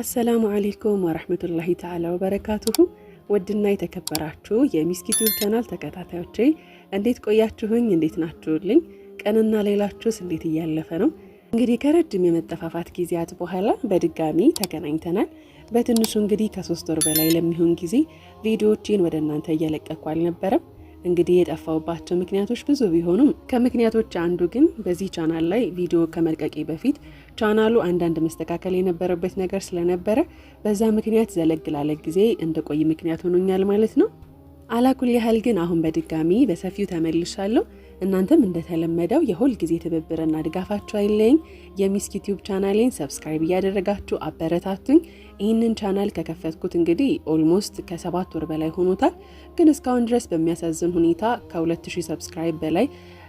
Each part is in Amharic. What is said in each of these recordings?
አሰላሙ አሌይኩም ወረህመቱላሂ ተዓላ ወበረካቱሁ። ውድና የተከበራችሁ የሚስኪት ዩቲዩብ ቻናል ተከታታዮቼ እንዴት ቆያችሁኝ? እንዴት ናችሁልኝ? ቀንና ሌላችሁስ እንዴት እያለፈ ነው? እንግዲህ ከረጅም የመጠፋፋት ጊዜያት በኋላ በድጋሚ ተገናኝተናል። በትንሹ እንግዲህ ከሶስት ወር በላይ ለሚሆን ጊዜ ቪዲዮዎችን ወደ እናንተ እየለቀኩ አልነበረም። እንግዲህ የጠፋውባቸው ምክንያቶች ብዙ ቢሆኑም ከምክንያቶች አንዱ ግን በዚህ ቻናል ላይ ቪዲዮ ከመልቀቄ በፊት ቻናሉ አንዳንድ መስተካከል የነበረበት ነገር ስለነበረ በዛ ምክንያት ዘለግ ላለ ጊዜ እንደቆይ ምክንያት ሆኖኛል ማለት ነው። አላኩል ያህል ግን አሁን በድጋሚ በሰፊው ተመልሻለሁ። እናንተም እንደተለመደው የሁል ጊዜ ትብብርና ድጋፋችሁ አይለኝ። የሚስክ ዩቲዩብ ቻናሌን ሰብስክራይብ እያደረጋችሁ አበረታቱኝ። ይህንን ቻናል ከከፈትኩት እንግዲህ ኦልሞስት ከሰባት ወር በላይ ሆኖታል። ግን እስካሁን ድረስ በሚያሳዝን ሁኔታ ከ2000 ሰብስክራይብ በላይ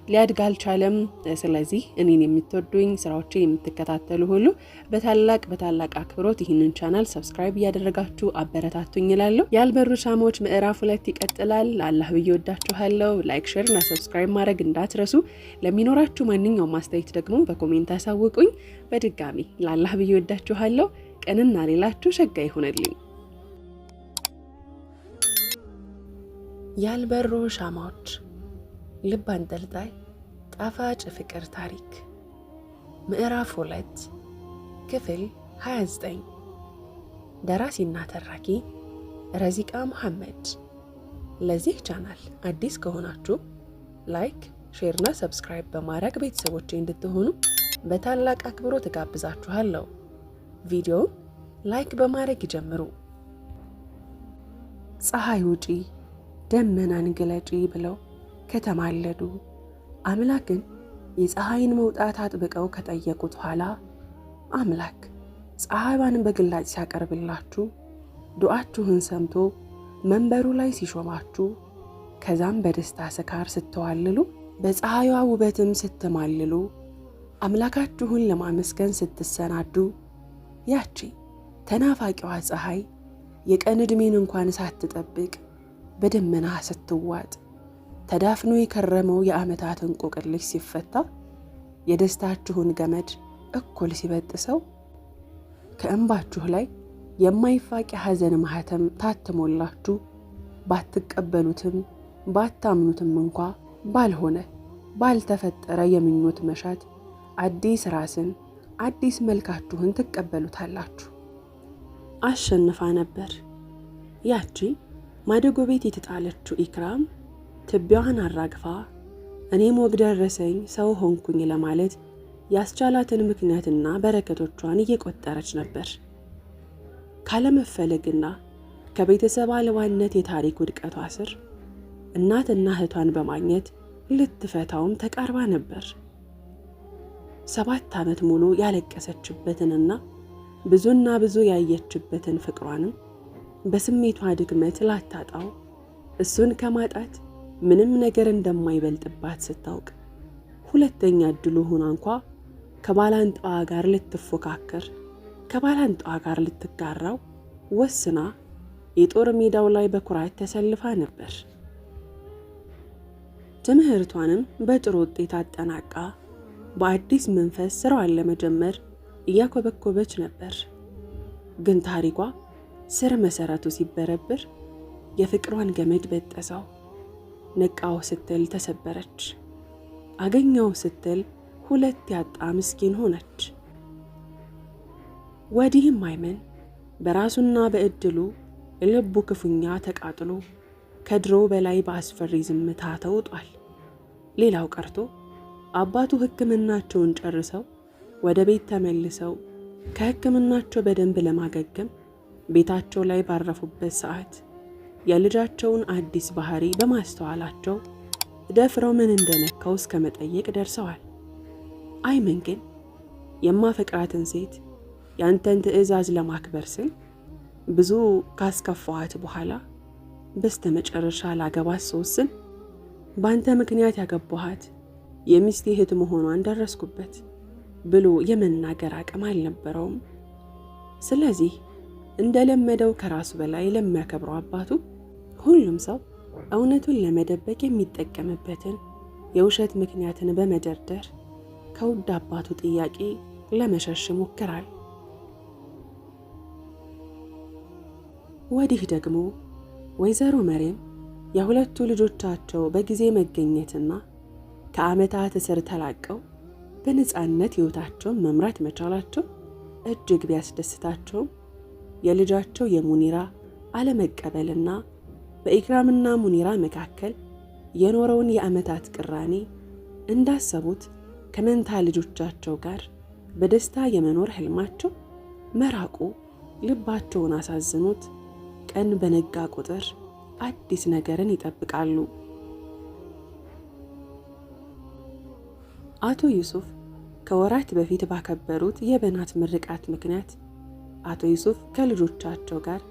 ሊያድግ አልቻለም። ስለዚህ እኔን የምትወዱኝ ስራዎችን የምትከታተሉ ሁሉ በታላቅ በታላቅ አክብሮት ይህንን ቻናል ሰብስክራይብ እያደረጋችሁ አበረታቱኝ ይላለሁ። ያልበሩ ሻማዎች ምዕራፍ ሁለት ይቀጥላል። አላህ ብዬ ወዳችኋለሁ። ላይክ፣ ሼር እና ሰብስክራይብ ማድረግ እንዳትረሱ። ለሚኖራችሁ ማንኛውም አስተያየት ደግሞ በኮሜንት አሳውቁኝ። በድጋሚ ለአላህ ብዬ ወዳችኋለሁ። ቀንና ሌላችሁ ሸጋ ይሆነልኝ። ያልበሩ ሻማዎች ልብ አንጠልጣይ ጣፋጭ ፍቅር ታሪክ ምዕራፍ ሁለት ክፍል 29 ደራሲና ተራኪ ረዚቃ መሐመድ። ለዚህ ቻናል አዲስ ከሆናችሁ ላይክ፣ ሼርና ሰብስክራይብ በማድረግ ቤተሰቦች እንድትሆኑ በታላቅ አክብሮት ትጋብዛችኋለሁ። ቪዲዮውን ላይክ በማድረግ ይጀምሩ። ፀሐይ ውጪ ደመናን ግለጪ ብለው ከተማለዱ አምላክን የፀሐይን መውጣት አጥብቀው ከጠየቁት ኋላ አምላክ ፀሐይዋን በግላጭ ሲያቀርብላችሁ ዱዓችሁን ሰምቶ መንበሩ ላይ ሲሾማችሁ ከዛም በደስታ ስካር ስተዋልሉ በፀሐይዋ ውበትም ስትማልሉ አምላካችሁን ለማመስገን ስትሰናዱ ያቺ ተናፋቂዋ ፀሐይ የቀን ዕድሜን እንኳን ሳትጠብቅ በደመና ስትዋጥ ተዳፍኖ የከረመው የዓመታት እንቆቅልሽ ሲፈታ የደስታችሁን ገመድ እኩል ሲበጥሰው ከእንባችሁ ላይ የማይፋቅ የሐዘን ማህተም ታትሞላችሁ ባትቀበሉትም ባታምኑትም እንኳ ባልሆነ ባልተፈጠረ የምኞት መሻት አዲስ ራስን አዲስ መልካችሁን ትቀበሉታላችሁ። አሸንፋ ነበር ያቺ ማደጎ ቤት የተጣለችው ኢክራም ትቢያዋን አራግፋ እኔ ሞግ ደረሰኝ ሰው ሆንኩኝ ለማለት ያስቻላትን ምክንያትና በረከቶቿን እየቆጠረች ነበር። ካለመፈለግና ከቤተሰብ አልባነት የታሪክ ውድቀቷ ስር እናትና እህቷን በማግኘት ልትፈታውም ተቃርባ ነበር። ሰባት ዓመት ሙሉ ያለቀሰችበትንና ብዙና ብዙ ያየችበትን ፍቅሯንም በስሜቷ ድክመት ላታጣው እሱን ከማጣት ምንም ነገር እንደማይበልጥባት ስታውቅ ሁለተኛ እድሉ ሆና እንኳ ከባላንጣዋ ጋር ልትፎካከር ከባላንጣዋ ጋር ልትጋራው ወስና የጦር ሜዳው ላይ በኩራት ተሰልፋ ነበር። ትምህርቷንም በጥሩ ውጤት አጠናቃ በአዲስ መንፈስ ስራዋን ለመጀመር እያኮበኮበች ነበር። ግን ታሪኳ ስር መሰረቱ ሲበረብር የፍቅሯን ገመድ በጠሰው። ነቃው ስትል ተሰበረች። አገኘው ስትል ሁለት ያጣ ምስኪን ሆነች። ወዲህም አይመን በራሱና በእድሉ ልቡ ክፉኛ ተቃጥሎ ከድሮ በላይ በአስፈሪ ዝምታ ተውጧል። ሌላው ቀርቶ አባቱ ሕክምናቸውን ጨርሰው ወደ ቤት ተመልሰው ከሕክምናቸው በደንብ ለማገገም ቤታቸው ላይ ባረፉበት ሰዓት የልጃቸውን አዲስ ባህሪ በማስተዋላቸው ደፍረው ምን እንደነካው እስከ መጠየቅ ደርሰዋል። አይመን ግን የማፈቅራትን ሴት ያንተን ትዕዛዝ ለማክበር ስል ብዙ ካስከፋዋት በኋላ በስተ መጨረሻ ላገባት ስወስን በአንተ ምክንያት ያገባኋት የሚስቴ እህት መሆኗን ደረስኩበት ብሎ የመናገር አቅም አልነበረውም። ስለዚህ እንደለመደው ከራሱ በላይ ለሚያከብረው አባቱ ሁሉም ሰው እውነቱን ለመደበቅ የሚጠቀምበትን የውሸት ምክንያትን በመደርደር ከውድ አባቱ ጥያቄ ለመሸሽ ይሞክራል። ወዲህ ደግሞ ወይዘሮ መሬም የሁለቱ ልጆቻቸው በጊዜ መገኘትና ከዓመታት እስር ተላቀው በነፃነት ሕይወታቸውን መምራት መቻላቸው እጅግ ቢያስደስታቸውም የልጃቸው የሙኒራ አለመቀበልና በኢክራምና ሙኒራ መካከል የኖረውን የዓመታት ቅራኔ እንዳሰቡት ከመንታ ልጆቻቸው ጋር በደስታ የመኖር ህልማቸው መራቁ ልባቸውን አሳዝኖት ቀን በነጋ ቁጥር አዲስ ነገርን ይጠብቃሉ። አቶ ዩሱፍ ከወራት በፊት ባከበሩት የበናት ምርቃት ምክንያት አቶ ዩሱፍ ከልጆቻቸው ጋር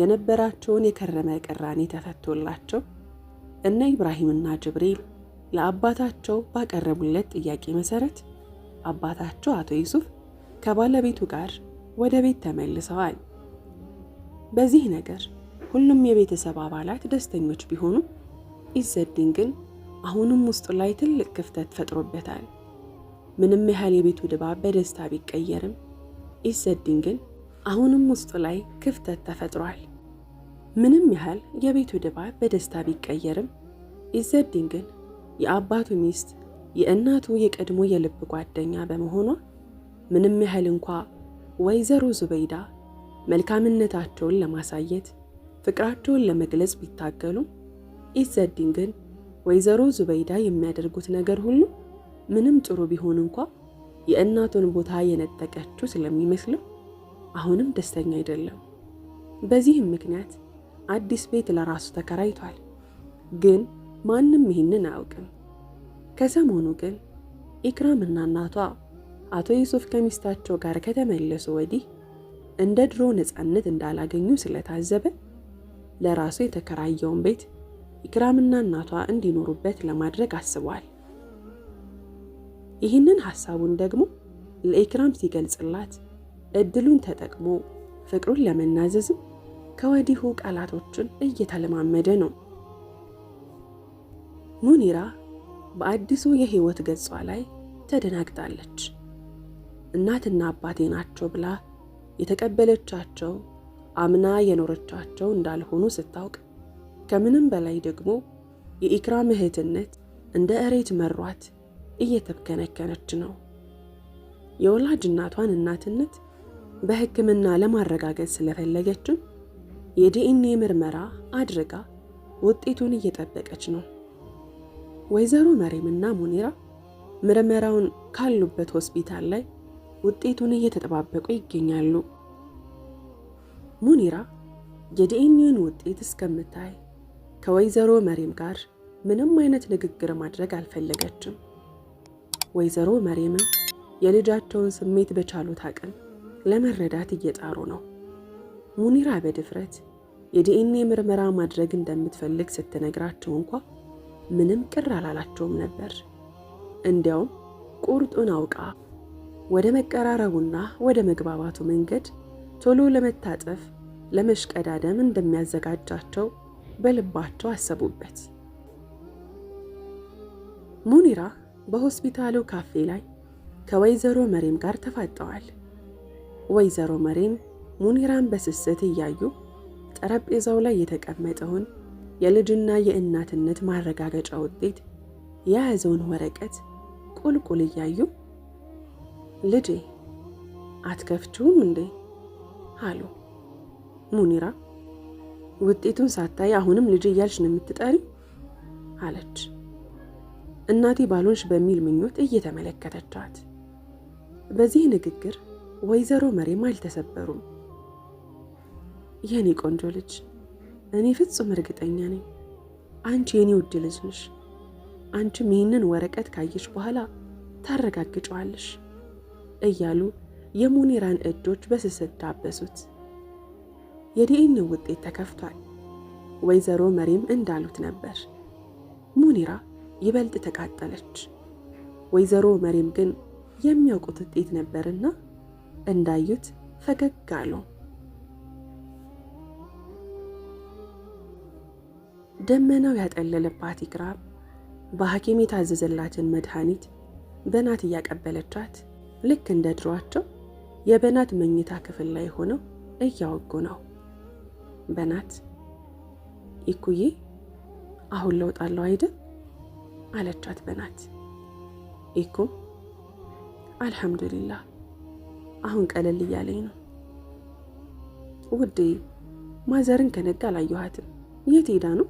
የነበራቸውን የከረመ ቅራኔ ተፈቶላቸው እነ ኢብራሂምና ጅብሪል ለአባታቸው ባቀረቡለት ጥያቄ መሰረት አባታቸው አቶ ዩሱፍ ከባለቤቱ ጋር ወደ ቤት ተመልሰዋል። በዚህ ነገር ሁሉም የቤተሰብ አባላት ደስተኞች ቢሆኑ ኢዘዲን ግን አሁንም ውስጡ ላይ ትልቅ ክፍተት ፈጥሮበታል። ምንም ያህል የቤቱ ድባብ በደስታ ቢቀየርም ኢዘዲን ግን አሁንም ውስጡ ላይ ክፍተት ተፈጥሯል። ምንም ያህል የቤቱ ድባብ በደስታ ቢቀየርም ኢዘዲን ግን የአባቱ ሚስት የእናቱ የቀድሞ የልብ ጓደኛ በመሆኗ ምንም ያህል እንኳ ወይዘሮ ዙበይዳ መልካምነታቸውን ለማሳየት ፍቅራቸውን ለመግለጽ ቢታገሉም ኢዘዲን ግን ወይዘሮ ዙበይዳ የሚያደርጉት ነገር ሁሉ ምንም ጥሩ ቢሆን እንኳ የእናቱን ቦታ የነጠቀችው ስለሚመስልም አሁንም ደስተኛ አይደለም። በዚህም ምክንያት አዲስ ቤት ለራሱ ተከራይቷል። ግን ማንም ይህንን አያውቅም። ከሰሞኑ ግን ኢክራምና እናቷ አቶ ዩሱፍ ከሚስታቸው ጋር ከተመለሱ ወዲህ እንደ ድሮ ነፃነት እንዳላገኙ ስለታዘበ ለራሱ የተከራየውን ቤት ኢክራምና እናቷ እንዲኖሩበት ለማድረግ አስቧል። ይህንን ሐሳቡን ደግሞ ለኢክራም ሲገልጽላት እድሉን ተጠቅሞ ፍቅሩን ለመናዘዝም ከወዲሁ ቃላቶችን እየተለማመደ ነው። ሙኒራ በአዲሱ የህይወት ገጿ ላይ ተደናግጣለች። እናትና አባቴ ናቸው ብላ የተቀበለቻቸው አምና የኖረቻቸው እንዳልሆኑ ስታውቅ ከምንም በላይ ደግሞ የኢክራም እህትነት እንደ እሬት መሯት፣ እየተብከነከነች ነው። የወላጅ እናቷን እናትነት በሕክምና ለማረጋገጥ ስለፈለገችም የዲኤንኤ ምርመራ አድርጋ ውጤቱን እየጠበቀች ነው። ወይዘሮ መሬምና ሙኒራ ምርመራውን ካሉበት ሆስፒታል ላይ ውጤቱን እየተጠባበቁ ይገኛሉ። ሙኒራ የዲኤንኤን ውጤት እስከምታይ ከወይዘሮ መሬም ጋር ምንም አይነት ንግግር ማድረግ አልፈለገችም። ወይዘሮ መሬምም የልጃቸውን ስሜት በቻሉት አቅም ለመረዳት እየጣሩ ነው። ሙኒራ በድፍረት የዲኤንኤ ምርመራ ማድረግ እንደምትፈልግ ስትነግራቸው እንኳ ምንም ቅር አላላቸውም ነበር። እንዲያውም ቁርጡን አውቃ ወደ መቀራረቡና ወደ መግባባቱ መንገድ ቶሎ ለመታጠፍ ለመሽቀዳደም እንደሚያዘጋጃቸው በልባቸው አሰቡበት። ሙኒራ በሆስፒታሉ ካፌ ላይ ከወይዘሮ መሬም ጋር ተፋጠዋል። ወይዘሮ መሬም ሙኒራን በስስት እያዩ ጠረጴዛው ላይ የተቀመጠውን የልጅና የእናትነት ማረጋገጫ ውጤት የያዘውን ወረቀት ቁልቁል እያዩ ልጄ አትከፍችውም እንዴ አሉ። ሙኒራ ውጤቱን ሳታይ አሁንም ልጅ እያልሽ ነው የምትጠሪ? አለች እናቴ ባሎንሽ በሚል ምኞት እየተመለከተቻት። በዚህ ንግግር ወይዘሮ መሬም አልተሰበሩም። የኔ ቆንጆ ልጅ፣ እኔ ፍጹም እርግጠኛ ነኝ አንቺ የኔ ውድ ልጅ ነሽ። አንቺም ይህንን ወረቀት ካየሽ በኋላ ታረጋግጨዋለሽ እያሉ የሙኒራን እጆች በስስት ዳበሱት። የዲኤን ውጤት ተከፍቷል። ወይዘሮ መሪም እንዳሉት ነበር። ሙኒራ ይበልጥ ተቃጠለች። ወይዘሮ መሪም ግን የሚያውቁት ውጤት ነበርና እንዳዩት ፈገግ አሉ። ደመናው ያጠለለባት ኢክራም በሐኪም የታዘዘላትን መድኃኒት በናት እያቀበለቻት ልክ እንደ ድሯቸው የበናት መኝታ ክፍል ላይ ሆነው እያወጉ ነው። በናት ይኩዬ አሁን ለውጣለሁ አይደል አለቻት። በናት ይኩም አልሐምዱሊላህ አሁን ቀለል እያለኝ ነው ውዴ። ማዘርን ከነጋ አላየኋትም። የት ሄዳ ነው?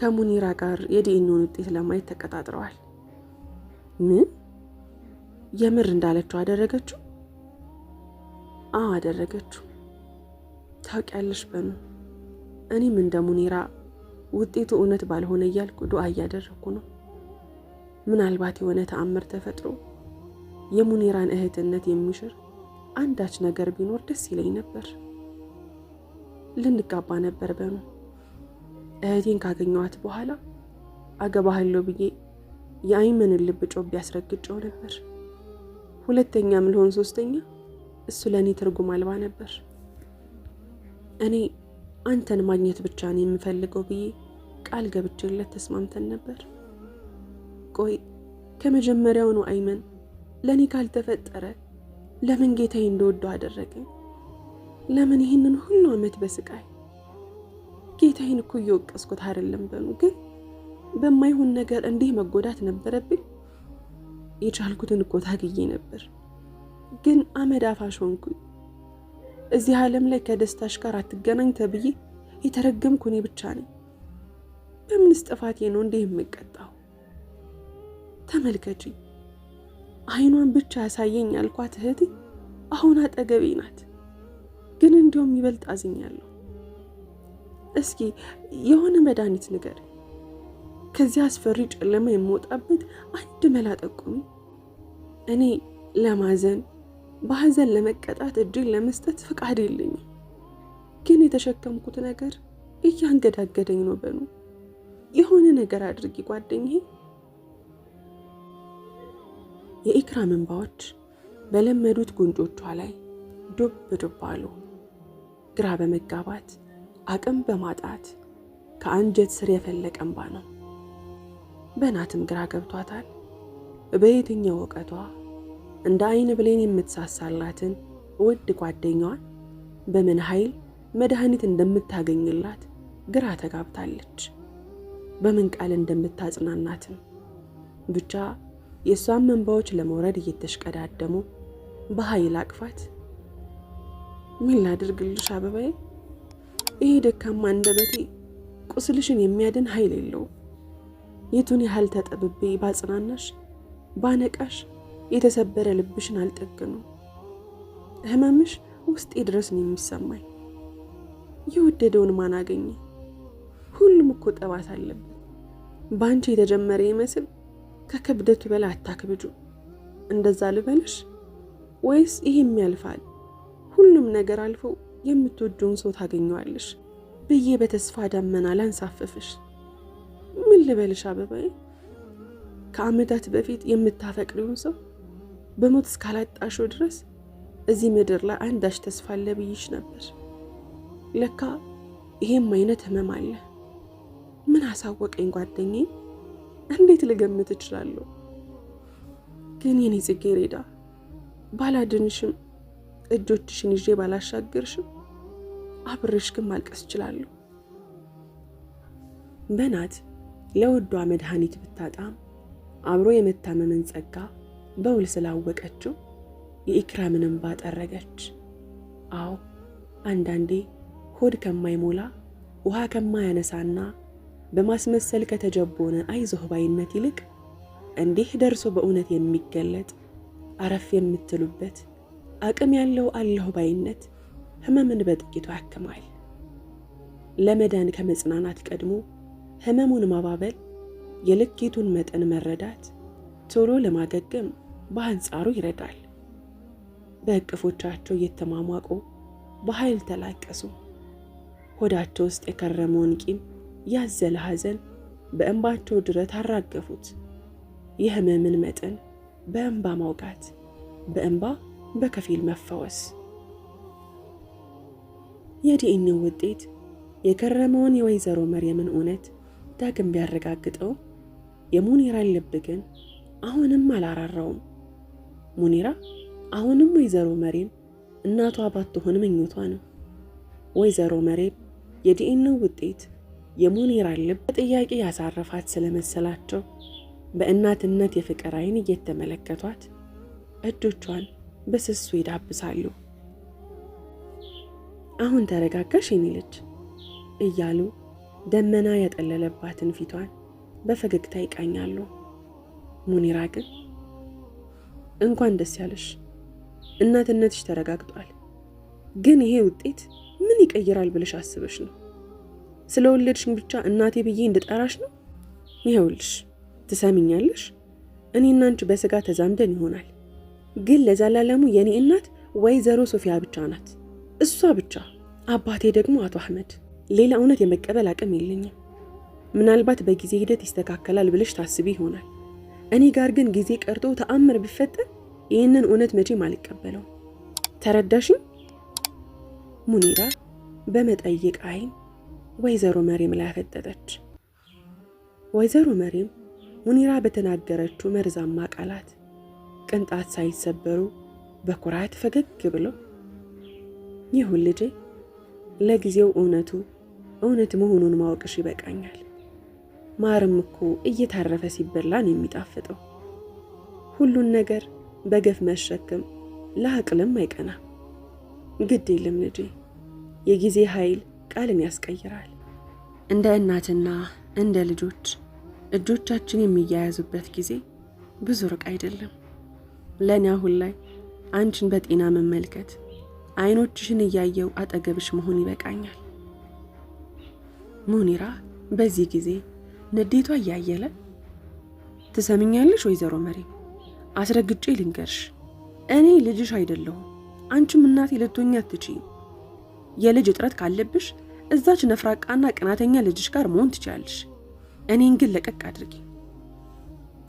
ከሙኒራ ጋር የዲኤንኤውን ውጤት ለማየት ተቀጣጥረዋል። ምን? የምር እንዳለችው አደረገችው? አዎ አደረገችው። ታውቂያለሽ በኑ፣ እኔም እንደ ሙኒራ ውጤቱ እውነት ባልሆነ እያልኩ ዱአ እያደረግኩ ነው። ምናልባት የሆነ ተአምር ተፈጥሮ የሙኒራን እህትነት የሚሽር አንዳች ነገር ቢኖር ደስ ይለኝ ነበር። ልንጋባ ነበር በኑ። እህቴን ካገኘኋት በኋላ አገባህለሁ ብዬ የአይመንን ልብ ጮቤ ያስረግጨው ነበር። ሁለተኛም ልሆን ሶስተኛ፣ እሱ ለእኔ ትርጉም አልባ ነበር። እኔ አንተን ማግኘት ብቻ ነው የምፈልገው ብዬ ቃል ገብቼለት ተስማምተን ነበር። ቆይ ከመጀመሪያው ነው አይመን ለእኔ ካልተፈጠረ ለምን ጌታዬ እንደወደው አደረገ? ለምን ይህንን ሁሉ ዓመት በስቃይ ጌታዬን እኮ እየወቀስኩት አይደለም። በሉ ግን በማይሆን ነገር እንዲህ መጎዳት ነበረብኝ? የቻልኩትን እኮ ታግዬ ነበር፣ ግን አመድ አፋሽ ሆንኩኝ። እዚህ ዓለም ላይ ከደስታሽ ጋር አትገናኝ ተብዬ የተረገምኩ እኔ ብቻ ነኝ። በምንስ ጥፋቴ ነው እንዲህ የምቀጣው? ተመልከቺ። አይኗን ብቻ ያሳየኝ ያልኳት እህቴ አሁን አጠገቤ ናት። ግን እንዲያውም ይበልጥ አዝኛለሁ። እስኪ የሆነ መድኃኒት ንገር፣ ከዚያ አስፈሪ ጨለማ የምወጣበት አንድ መላ ጠቁሚ። እኔ ለማዘን በሐዘን ለመቀጣት እጅን ለመስጠት ፍቃድ የለኝም። ግን የተሸከምኩት ነገር እያንገዳገደኝ ነው። በኑ የሆነ ነገር አድርጊ ጓደኛዬ። የኢክራም እንባዎች በለመዱት ጉንጮቿ ላይ ዱብ ዱብ አሉ። ግራ በመጋባት አቅም በማጣት ከአንጀት ስር የፈለቀ እንባ ነው። በናትም ግራ ገብቷታል። በየትኛው እውቀቷ እንደ አይን ብሌን የምትሳሳላትን ውድ ጓደኛዋን በምን ኃይል መድኃኒት እንደምታገኝላት ግራ ተጋብታለች። በምን ቃል እንደምታጽናናትም ብቻ የእሷን መንባዎች ለመውረድ እየተሽቀዳደሙ በኃይል አቅፋት፣ ምን ላድርግልሽ አበባዬ፣ ይሄ ደካማ አንደበቴ ቁስልሽን የሚያድን ኃይል የለውም። የቱን ያህል ተጠብቤ ባጽናናሽ ባነቃሽ የተሰበረ ልብሽን አልጠግኑ። ህመምሽ ውስጤ ድረስ ነው የሚሰማኝ። የወደደውን ማን አገኘ? ሁሉም እኮ ጠባት አለበት። በአንቺ የተጀመረ ይመስል ከክብደቱ በላይ አታክብጁ። እንደዛ ልበልሽ ወይስ ይህም ያልፋል፣ ሁሉም ነገር አልፎ የምትወደውን ሰው ታገኘዋለሽ ብዬ በተስፋ ዳመና ላንሳፈፍሽ። ምን ልበልሽ አበባዬ፣ ከዓመታት በፊት የምታፈቅሪውን ሰው በሞት እስካላጣሽው ድረስ እዚህ ምድር ላይ አንዳች ተስፋ አለ ነበር። ለካ ይሄም አይነት ህመም አለ። ምን አሳወቀኝ ጓደኛዬ። እንዴት ልገምት እችላለሁ? ግን የኔ ጽጌረዳ ባላድንሽም፣ እጆችሽን ይዤ ባላሻገርሽም አብርሽ ግን ማልቀስ እችላለሁ። በናት ለወዷ መድኃኒት ብታጣም አብሮ የመታመምን ጸጋ በውል ስላወቀችው የኢክራምንም ባጠረገች። አዎ አንዳንዴ ሆድ ከማይሞላ ውሃ ከማያነሳና በማስመሰል ከተጀቦነ አይዞህ ባይነት ይልቅ እንዲህ ደርሶ በእውነት የሚገለጥ አረፍ የምትሉበት አቅም ያለው አለሁ ባይነት ህመምን በጥቂቱ ያክማል። ለመዳን ከመጽናናት ቀድሞ ህመሙን ማባበል፣ የልኬቱን መጠን መረዳት ቶሎ ለማገገም በአንጻሩ ይረዳል። በእቅፎቻቸው እየተሟሟቁ በኃይል ተላቀሱ። ሆዳቸው ውስጥ የከረመውን ቂም ያዘለ ሐዘን በእንባቸው ድረት አራገፉት። የህመምን መጠን በእንባ ማውጋት፣ በእንባ በከፊል መፈወስ። የዲኤንኤው ውጤት የከረመውን የወይዘሮ መርየምን እውነት ዳግም ቢያረጋግጠው የሙኒራን ልብ ግን አሁንም አላራራውም። ሙኒራ አሁንም ወይዘሮ መሬም እናቷ ባትሆን ምኞቷ ነው። ወይዘሮ መሬም የዲኤንኤው ውጤት የሙኒራን ልብ ጥያቄ ያሳረፋት ስለመሰላቸው በእናትነት የፍቅር ዓይን እየተመለከቷት እጆቿን በስሱ ይዳብሳሉ። አሁን ተረጋጋሽ የኔ ልጅ እያሉ ደመና ያጠለለባትን ፊቷን በፈገግታ ይቃኛሉ። ሙኒራ ግን እንኳን ደስ ያለሽ እናትነትሽ ተረጋግጧል፣ ግን ይሄ ውጤት ምን ይቀይራል ብለሽ አስበሽ ነው ስለወለድሽኝ ብቻ እናቴ ብዬ እንድጠራሽ ነው? ይኸውልሽ ትሰሚኛለሽ፣ እኔና አንቺ በስጋ ተዛምደን ይሆናል፣ ግን ለዘላለሙ የእኔ እናት ወይዘሮ ሶፊያ ብቻ ናት፣ እሷ ብቻ። አባቴ ደግሞ አቶ አህመድ። ሌላ እውነት የመቀበል አቅም የለኝም። ምናልባት በጊዜ ሂደት ይስተካከላል ብለሽ ታስቢ ይሆናል። እኔ ጋር ግን ጊዜ ቀርቶ ተአምር ቢፈጠር ይህንን እውነት መቼም አልቀበለውም። ተረዳሽኝ? ሙኒራ በመጠየቅ አይን ወይዘሮ መሬም ላይ አፈጠጠች። ወይዘሮ መሬም ሙኒራ በተናገረችው መርዛማ ቃላት ቅንጣት ሳይሰበሩ በኩራት ፈገግ ብለው ይሁን ልጄ፣ ለጊዜው እውነቱ እውነት መሆኑን ማወቅሽ ይበቃኛል። ማርም እኮ እየታረፈ ሲበላን የሚጣፍጠው። ሁሉን ነገር በገፍ መሸክም ለአቅልም አይቀናም። ግድ የለም ልጄ፣ የጊዜ ኃይል ቃልን ያስቀይራል። እንደ እናትና እንደ ልጆች እጆቻችን የሚያያዙበት ጊዜ ብዙ ርቅ አይደለም። ለእኔ አሁን ላይ አንቺን በጤና መመልከት፣ አይኖችሽን እያየው አጠገብሽ መሆን ይበቃኛል። ሙኒራ በዚህ ጊዜ ንዴቷ እያየለ ትሰምኛለሽ ወይዘሮ መሪ አስረግጬ ልንገርሽ፣ እኔ ልጅሽ አይደለሁም። አንቺም እናቴ ልትሆኚ አትችይም። የልጅ እጥረት ካለብሽ እዛች ነፍራቃና ቅናተኛ ልጅሽ ጋር መሆን ትችላለሽ። እኔን ግን ለቀቅ አድርጊ።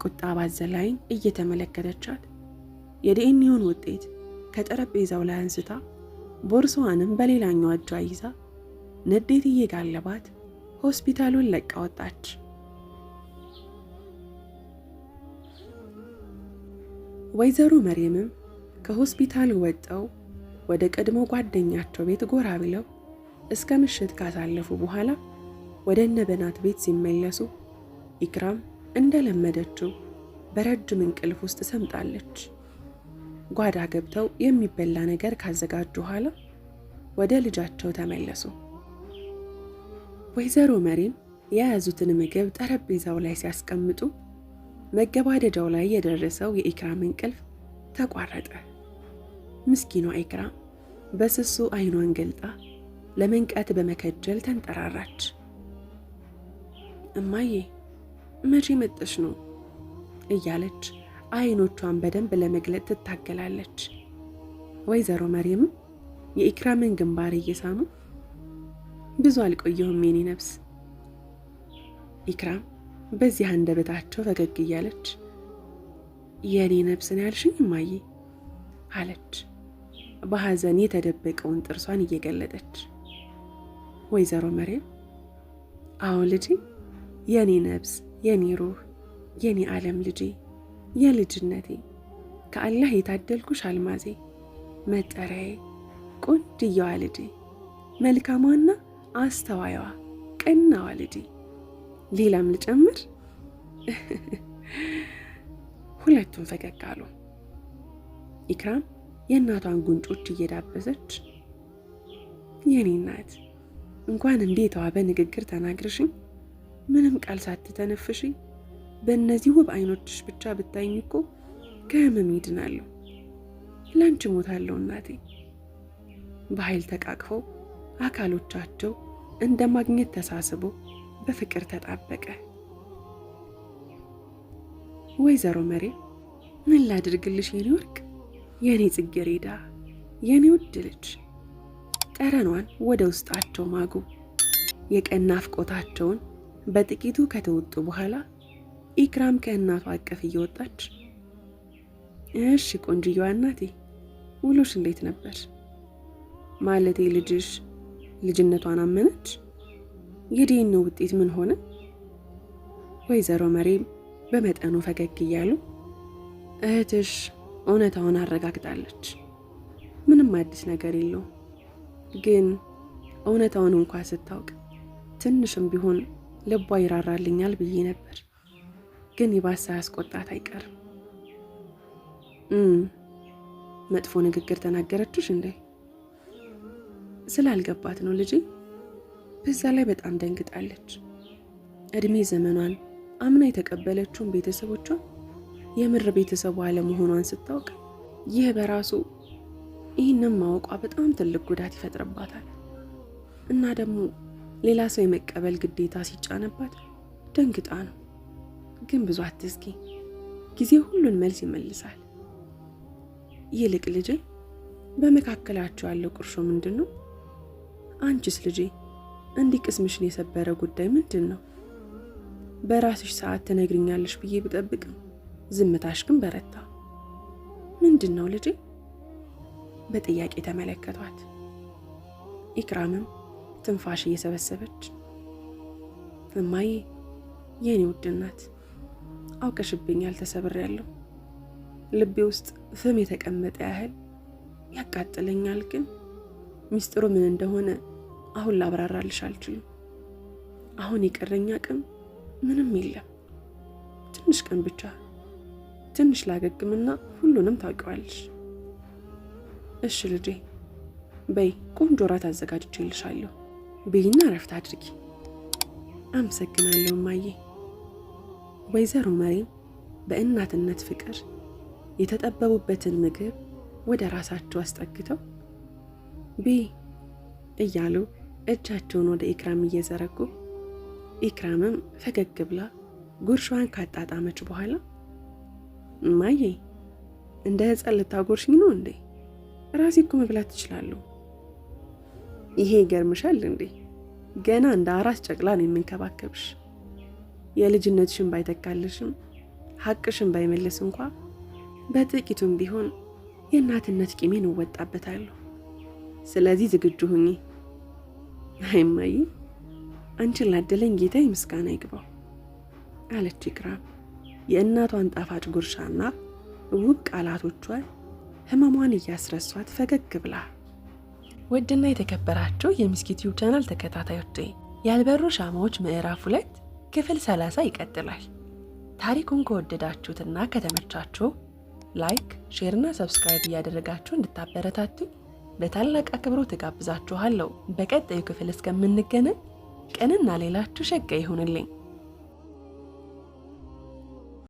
ቁጣ ባዘላይን እየተመለከተቻት የዲኤንኤውን ውጤት ከጠረጴዛው ላይ አንስታ ቦርሳዋንም በሌላኛው እጇ ይዛ ንዴት እየጋለባት ሆስፒታሉን ለቃ ወጣች። ወይዘሮ መሪምም ከሆስፒታል ወጠው ወደ ቀድሞ ጓደኛቸው ቤት ጎራ ብለው እስከ ምሽት ካሳለፉ በኋላ ወደ እነ በናት ቤት ሲመለሱ ኢክራም እንደለመደችው በረጅም እንቅልፍ ውስጥ ሰምጣለች። ጓዳ ገብተው የሚበላ ነገር ካዘጋጁ ኋላ ወደ ልጃቸው ተመለሱ። ወይዘሮ መሪም የያዙትን ምግብ ጠረጴዛው ላይ ሲያስቀምጡ መገባደጃው ላይ የደረሰው የኢክራም እንቅልፍ ተቋረጠ። ምስኪኗ ኢክራም በስሱ አይኗን ገልጣ ለመንቀት በመከጀል ተንጠራራች። እማዬ መቼ መጠሽ ነው እያለች አይኖቿን በደንብ ለመግለጥ ትታገላለች። ወይዘሮ መሪም የኢክራምን ግንባር እየሳሙ ብዙ አልቆየሁም የኔ ነፍስ። ኢክራም በዚህ አንደበታቸው ፈገግ እያለች የእኔ ነፍስን ያልሽኝ እማዬ አለች፣ በሐዘን የተደበቀውን ጥርሷን እየገለጠች ወይዘሮ መሪም አዎ ልጄ፣ የኔ ነብስ፣ የኔ ሩህ፣ የኔ ዓለም ልጄ፣ የልጅነቴ ከአላህ የታደልኩሽ አልማዜ፣ መጠሪያዬ፣ ቆንጅየዋ ልጄ፣ መልካሟና አስተዋይዋ ቀናዋ ልጄ። ሌላም ልጨምር? ሁለቱም ፈገግ አሉ። ኢክራም የእናቷን ጉንጮች እየዳበሰች የኔ እናት እንኳን እንዴ የተዋበ ንግግር ተናግርሽኝ ምንም ቃል ሳትተነፍሽኝ በእነዚህ ውብ አይኖችሽ ብቻ ብታይኝ እኮ ከህመም ይድናለሁ። ለአንቺ ሞታለሁ እናቴ። በኃይል ተቃቅፈው አካሎቻቸው እንደ ማግኘት ተሳስቦ በፍቅር ተጣበቀ። ወይዘሮ መሬ ምን ላድርግልሽ የኔ ወርቅ፣ የኔ ጽጌሬዳ፣ የኔ ውድ ልጅ ጠረኗን ወደ ውስጣቸው ማጉ። የቀን አፍቆታቸውን በጥቂቱ ከተወጡ በኋላ ኢክራም ከእናቷ አቀፍ እየወጣች እሺ ቆንጅየዋ እናቴ ውሎሽ እንዴት ነበር? ማለቴ ልጅሽ ልጅነቷን አመነች? የዲኤንኤ ውጤት ምን ሆነ? ወይዘሮ መሬም በመጠኑ ፈገግ እያሉ እህትሽ እውነታውን አረጋግጣለች፣ ምንም አዲስ ነገር የለውም ግን እውነታውን እንኳ ስታውቅ ትንሽም ቢሆን ልቧ ይራራልኛል ብዬ ነበር። ግን ይባሳ ያስቆጣት አይቀርም። መጥፎ ንግግር ተናገረችሽ እንዴ? ስላልገባት ነው ልጅ በዛ ላይ በጣም ደንግጣለች። እድሜ ዘመኗን አምና የተቀበለችውን ቤተሰቦቿን የምር ቤተሰቡ አለመሆኗን ስታውቅ ይህ በራሱ ይህንን ማወቋ በጣም ትልቅ ጉዳት ይፈጥርባታል እና ደግሞ ሌላ ሰው የመቀበል ግዴታ ሲጫነባት ደንግጣ ነው። ግን ብዙ አትዝጊ፣ ጊዜ ሁሉን መልስ ይመልሳል። ይልቅ ልጄ በመካከላችሁ ያለው ቁርሾ ምንድን ነው? አንቺስ ልጄ እንዲህ ቅስምሽን የሰበረ ጉዳይ ምንድን ነው? በራስሽ ሰዓት ትነግሪኛለሽ ብዬ ብጠብቅም ዝምታሽ ግን በረታ። ምንድን ነው ልጄ? በጥያቄ ተመለከቷት። ኢክራምም ትንፋሽ እየሰበሰበች እማዬ፣ የእኔ ውድ እናት አውቀሽብኛል፣ ተሰብሬያለሁ። ልቤ ውስጥ ፍም የተቀመጠ ያህል ያቃጥለኛል፣ ግን ሚስጥሩ ምን እንደሆነ አሁን ላብራራልሽ አልችልም። አሁን የቀረኝ አቅም ምንም የለም። ትንሽ ቀን ብቻ ትንሽ ላገግምና ሁሉንም ታውቂዋለሽ። እሺ ልጄ፣ በይ ቆንጆ ራት አዘጋጅቼልሻለሁ ብይና እረፍት አድርጊ። አመሰግናለሁ እማዬ። ወይዘሮ መሪም በእናትነት ፍቅር የተጠበቡበትን ምግብ ወደ ራሳቸው አስጠግተው ቤ እያሉ እጃቸውን ወደ ኢክራም እየዘረጉ ኢክራምም ፈገግ ብላ ጉርሻዋን ካጣጣመች በኋላ እማዬ እንደ ሕፃን ልታጎርሽኝ ነው እንዴ? ራሴ እኮ መብላት ትችላለሁ። ይሄ ይገርምሻል እንዴ? ገና እንደ አራስ ጨቅላ ነው የምንከባከብሽ። የልጅነትሽን ባይተካልሽም ሀቅሽን ባይመለስ እንኳ በጥቂቱም ቢሆን የእናትነት ቂሜን እወጣበታለሁ። ስለዚህ ዝግጁ ሁኚ። አይማይ አንቺን ላደለኝ ጌታ ምስጋና ይግባው አለች ኢክራም የእናቷን ጣፋጭ ጉርሻና ውብ ቃላቶቿን ህመሟን እያስረሷት ፈገግ ብላ ውድና የተከበራችሁ የሚስኪቲዩ ቻናል ተከታታዮቼ ያልበሩ ሻማዎች ምዕራፍ ሁለት ክፍል 30 ይቀጥላል። ታሪኩን ከወደዳችሁትና ከተመቻችሁ ላይክ፣ ሼር እና ሰብስክራይብ እያደረጋችሁ እንድታበረታቱ በታላቅ አክብሮት ትጋብዛችኋለሁ። በቀጣዩ ክፍል እስከምንገናኝ ቀንና ሌላችሁ ሸጋ ይሁንልኝ።